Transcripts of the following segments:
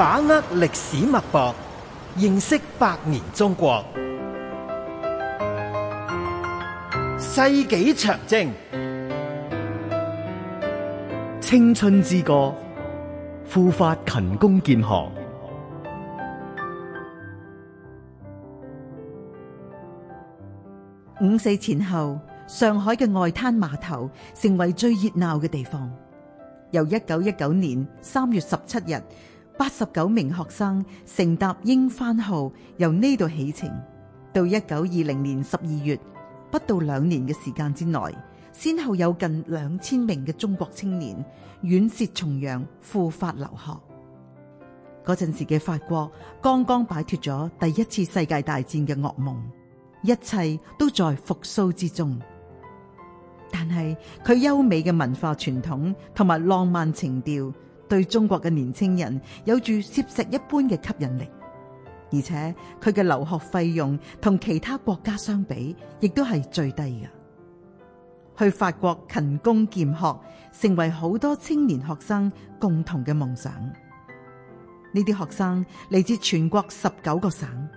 把握歷史脈搏，認識百年中國。世紀長征，青春之歌，赴法勤工儉學。五四前後，上海嘅外灘碼頭成為最熱鬧嘅地方。由一九一九年三月十七日，八十九名學生乘搭英翻號由呢度起程，到一九二零年十二月，不到兩年嘅時間之內，先後有近兩千名嘅中國青年遠涉重洋赴法留學。嗰陣時嘅法國剛剛擺脫咗第一次世界大戰嘅噩夢，一切都在復蘇之中。但係佢優美嘅文化傳統同埋浪漫情調。對中國嘅年輕人有住磁石一般嘅吸引力，而且佢嘅留學費用同其他國家相比，亦都係最低嘅。去法國勤工儉學，成為好多青年學生共同嘅夢想。呢啲學生嚟自全國十九個省，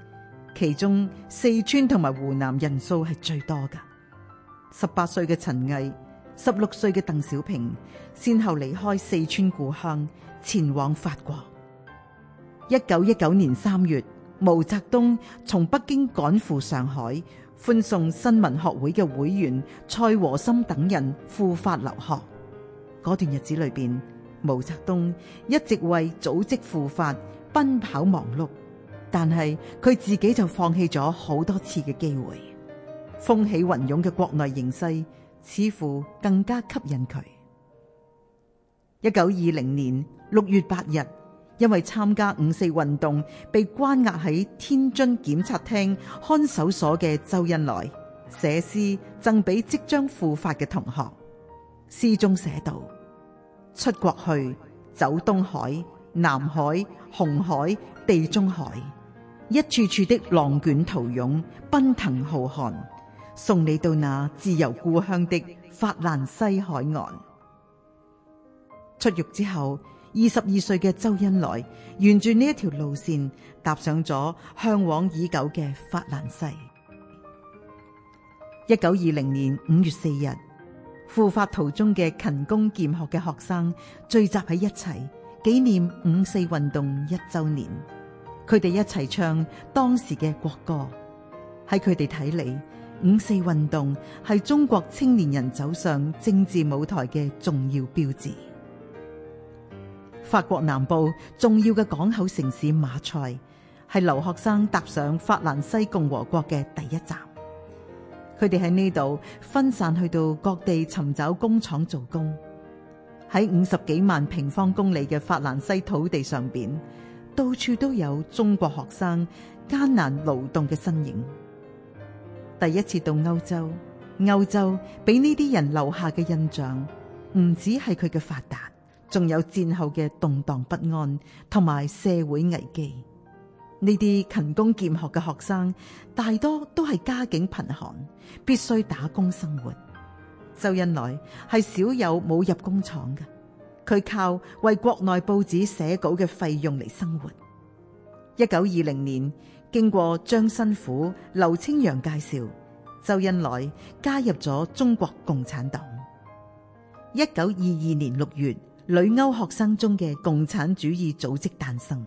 其中四川同埋湖南人數係最多㗎。十八歲嘅陳毅。十六歲嘅鄧小平先後離開四川故鄉，前往法國。一九一九年三月，毛澤東從北京趕赴上海，歡送新民學會嘅會員蔡和森等人赴法留學。嗰段日子裏邊，毛澤東一直為組織赴法奔跑忙碌，但係佢自己就放棄咗好多次嘅機會。風起雲湧嘅國內形勢。似乎更加吸引佢。一九二零年六月八日，因為參加五四運動，被關押喺天津檢察廳看守所嘅周恩來寫詩贈俾即將赴法嘅同學。詩中寫道：出國去，走東海、南海、紅海、地中海，一處處的浪捲濤湧，奔騰浩瀚。送你到那自由故鄉的法蘭西海岸。出獄之後，二十二歲嘅周恩來沿住呢一條路線踏上咗嚮往已久嘅法蘭西。一九二零年五月四日，赴法途中嘅勤工儉學嘅學生聚集喺一齊，紀念五四運動一周年。佢哋一齊唱當時嘅國歌。喺佢哋睇嚟，五四運動係中國青年人走上政治舞台嘅重要標誌。法國南部重要嘅港口城市馬賽係留學生踏上法蘭西共和國嘅第一站。佢哋喺呢度分散去到各地尋找工廠做工。喺五十幾萬平方公里嘅法蘭西土地上邊，到處都有中國學生艱難勞動嘅身影。第一次到歐洲，歐洲俾呢啲人留下嘅印象，唔止係佢嘅發達，仲有戰後嘅動蕩不安同埋社會危機。呢啲勤工儉學嘅學生，大多都係家境貧寒，必須打工生活。周恩來係少有冇入工廠嘅，佢靠為國內報紙寫稿嘅費用嚟生活。一九二零年。經過張申府、劉清揚介紹，周恩來加入咗中國共產黨。一九二二年六月，旅歐學生中嘅共產主義組織誕生，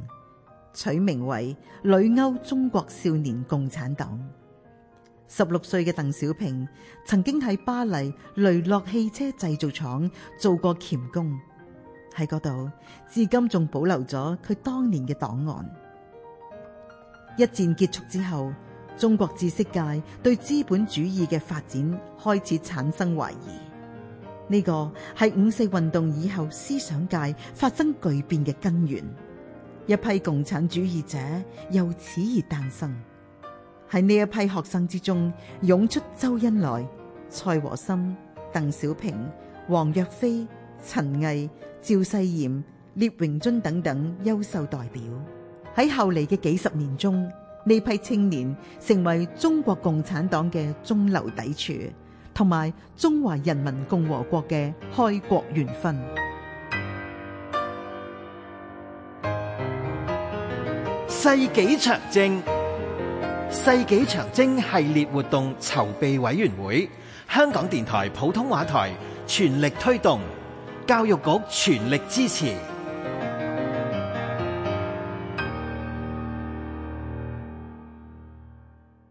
取名為旅歐中國少年共產黨。十六歲嘅鄧小平曾經喺巴黎雷諾汽車製造廠做過鉗工，喺嗰度至今仲保留咗佢當年嘅檔案。一戰結束之後，中國知識界對資本主義嘅發展開始產生懷疑，呢個係五四運動以後思想界發生巨變嘅根源。一批共產主義者由此而誕生，喺呢一批學生之中，湧出周恩來、蔡和森、鄧小平、王若飛、陳毅、趙世炎、聶榮臻等等優秀代表。喺後嚟嘅幾十年中，呢批青年成為中國共產黨嘅中流砥柱，同埋中華人民共和國嘅開國元勳。世紀長征，世紀長征系列活動籌備委員會，香港電台普通話台全力推動，教育局全力支持。